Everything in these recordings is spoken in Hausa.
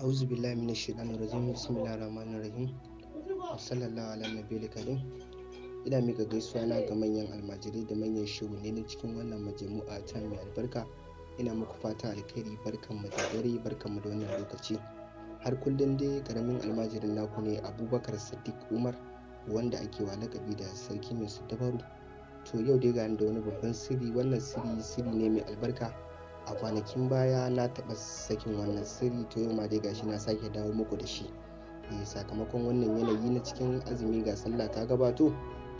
a'udhu billahi minash shaitanir rajim bismillahir rahmanir rahim sallallahu ala nabiyil kadin ina mika gaisuwa na ga manyan almajirai da manyan shugabanni na cikin wannan majami'a ta mai albarka ina muku fata alkhairi barkan mu da dare barkan mu da wannan lokaci har kullum dai karamin almajirin naku ne abubakar sadiq umar wanda ake wa lakabi da sarki mai dabaru to yau dai ga da wani babban sirri wannan sirri sirri ne mai albarka a kwanakin baya na taɓa sakin wannan sirri to yau ma dai gashi na sake dawo muku da shi eh, sakamakon wannan yanayi na cikin azumi ga sallah ta gabato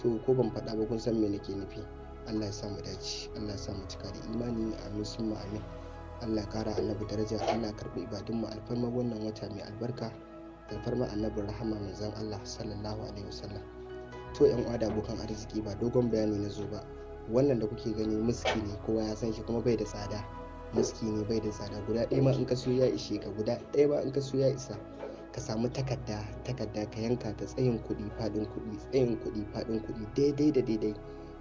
to ko ban faɗa ba kun san me nake nufi Allah ya sa mu dace Allah ya sa mu cika da imani amin summa amin Allah kara annabi daraja Allah karbi ibadun mu alfarma wannan wata mai albarka alfarma annabi rahama manzon Allah sallallahu alaihi wasallam to yan uwa da abokan arziki ba dogon bayani na zo ba wannan da kuke gani miski ne kowa ya san shi kuma bai da tsada maski ne bai da tsada guda ɗaya ma in ka soya ishe ka guda ɗaya ma in ka soya isa ka samu takarda takarda ka yanka ta tsayin kuɗi faɗin kuɗi tsayin kuɗi faɗin kuɗi daidai da daidai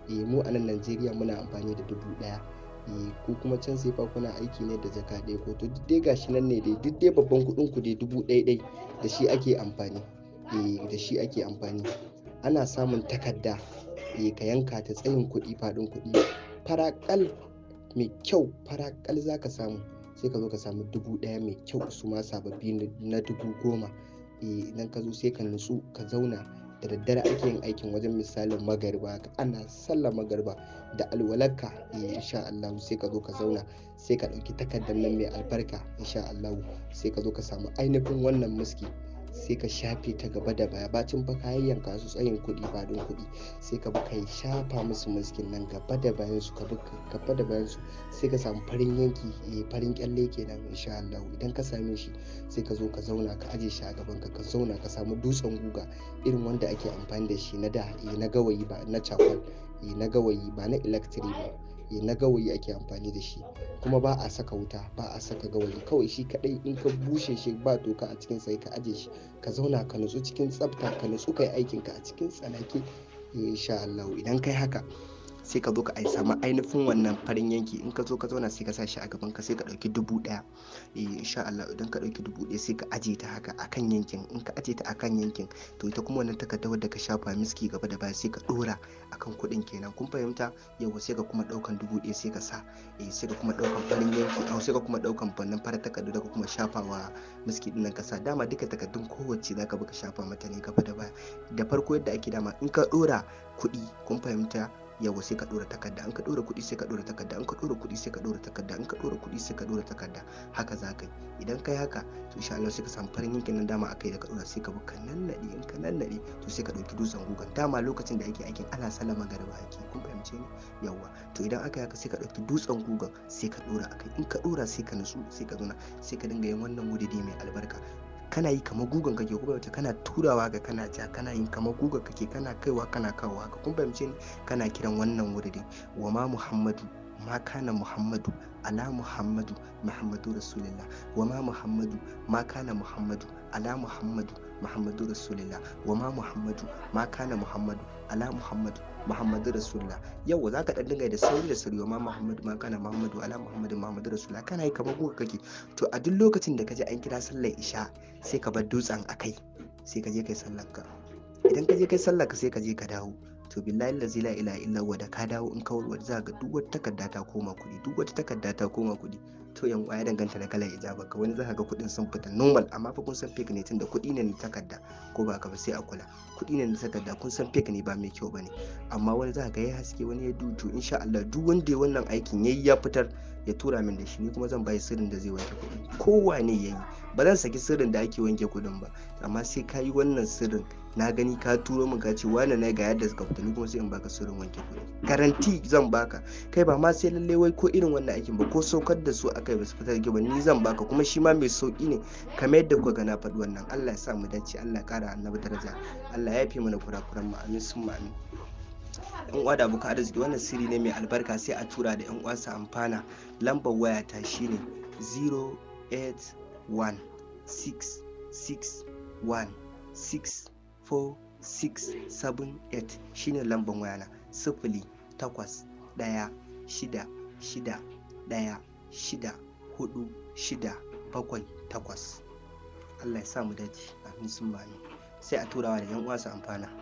eh mu a nan Najeriya muna amfani da dubu ɗaya eh ko kuma can sai fa kuna aiki ne da jaka ɗaya ko to duk dai gashi nan ne dai duk babban kuɗin ku dai dubu ɗaya ɗai da shi ake amfani eh da shi ake amfani ana samun takarda e ka yanka ta tsayin kuɗi faɗin kuɗi faraƙal mai kyau farakal za ka samu sai ka zo ka samu dubu ɗaya mai kyau su ma sababbi na dubu goma eh, idan ka zo sai ka nutsu ka zauna da daddare ake yin aikin wajen misalin magariba ana sallar magariba da alwalarka eh, insha Allah sai ka zo ka zauna sai ka ɗauki takardar nan mai albarka insha Allah sai ka zo ka samu ainihin wannan muski sai ka shafe ta gaba da baya bacin ba kayan yanka su tsayin kuɗi ba don kuɗi sai ka bi ka shafa musu muskin nan gaba da bayan su ka gaba da bayan su sai ka samu farin yanki eh, farin kyalle kenan insha Allah idan ka same shi sai ka zo ka zauna ka aje shi a gaban ka ka zauna ka samu dutsen guga irin wanda ake amfani da shi na da eh, na gawayi ba na cakwal eh, na gawayi ba na electric ba Eh, na gawayi ake amfani da shi kuma ba a saka wuta ba a saka gawayi kawai shi kadai in ka bushe shi ba doka a cikin sai ka aje shi ka zauna ka nutsu cikin tsafta ka nutsu kai aikin ka a cikin tsanake insha Allah idan kai haka sai ka zo ka samu ainihin wannan farin yanki in ka zo ka zauna sai ka sa shi a gaban ka sai ka ɗauki dubu ɗaya eh, insha Allah idan ka ɗauki dubu ɗaya sai ka aje ta haka akan yankin in ka aje ta akan yankin to ita kuma wannan takarda wadda ka shafa miski gaba da baya sai ka ɗora akan kuɗin kenan kun fahimta yau sai ka kuma ɗaukan dubu ɗaya sai ka sa eh, sai ka kuma ɗaukan farin yanki a sai ka kuma ɗaukan wannan farin takardu da ka kuma shafa wa miski ɗin nan ka sa dama duka takardun kowace zaka bi ka shafa mata ne gaba da baya da farko yadda ake dama in ka ɗora kuɗi kun fahimta yawa sai ka dora takarda an ka dora kuɗi sai ka dora takarda an ka dora kuɗi sai ka dora takarda an ka dora kuɗi sai ka dora takarda haka za ka yi idan yi haka to insha Allah sai ka samu farin yankin nan dama akai da ka dora sai ka bi ka nannade in ka nannade to sai ka dauki dutsen gugan dama lokacin da ake aikin ana sallama garba ake kun fahimce ni yawa to idan aka haka sai ka dauki dutsen gugan sai ka dora akai in ka dora sai ka nutsu sai ka zauna sai ka dinga yin wannan wudidi mai albarka kana yi kamar gugan kake kuma bai kana turawa ga kana ja kana yin kamar gugan kake kana kaiwa kana kawowa ka kun fahimci ni kana kiran wannan wurin wa ma muhammadu ma kana muhammadu ala muhammadu muhammadu rasulullah wa ma muhammadu ma kana muhammadu ala muhammadu muhammadu rasulillah wa ma muhammadu ma kana muhammadu ala muhammadu muhammadu rasulillah yau za ka dinga da sauri da sauri wa ma muhammadu ma kana muhammadu ala muhammadu muhammadu rasulillah kana yi kamar kuka kake to a duk lokacin da ka ji an kira sallar isha sai ka bar dutsen akai sai ka je kai sallar ka idan ka je kai sallar ka sai ka je ka dawo to billahi lazi la ila illa wa ka dawo in kawar wadda za ga duk wata takarda ta koma kuɗi duk wata takarda ta koma kuɗi to yan ya danganta kala kalar ijaba ka wani za ka ga kuɗin sun fita normal amma fa kun san fake ne tunda kuɗi ne na takarda ko ba ka ba sai a kula kuɗi ne na takarda kun san fake ne ba mai kyau bane amma wani za ka ga ya haske wani ya dutu insha Allah duk wanda ya wannan aikin yayi ya fitar ya tura min da shi ni kuma zan bai sirrin da zai wanke kuɗi Kowa ne yayi ba zan saki sirrin da ake wanke kuɗin ba amma sai ka yi wannan sirrin na gani ka turo min ka ce wani na ga yadda suka fita kuma sai in baka sirrin wanke kuɗi garanti zan baka kai ba ma sai lalle wai ko irin wannan aikin ba ko saukar da su akai ba su fita da ba ni zan baka kuma shi ma mai sauki ne kamar yadda kuka gana faɗi wannan Allah ya sa mu dace Allah ya ƙara annabi daraja Allah ya fi mana kurakuran mu amin sun amin yan uwa da abokan arziki wannan sirri ne mai albarka sai a tura da yan uwa su amfana lambar waya ta shine 08 one six six one six four six seven eight shine lamban wayana sifili takwas ɗaya shida shida ɗaya shida hudu shida bakwai takwas Allah ya sa mu dace amin sun sai a turawa da yan uwa su amfana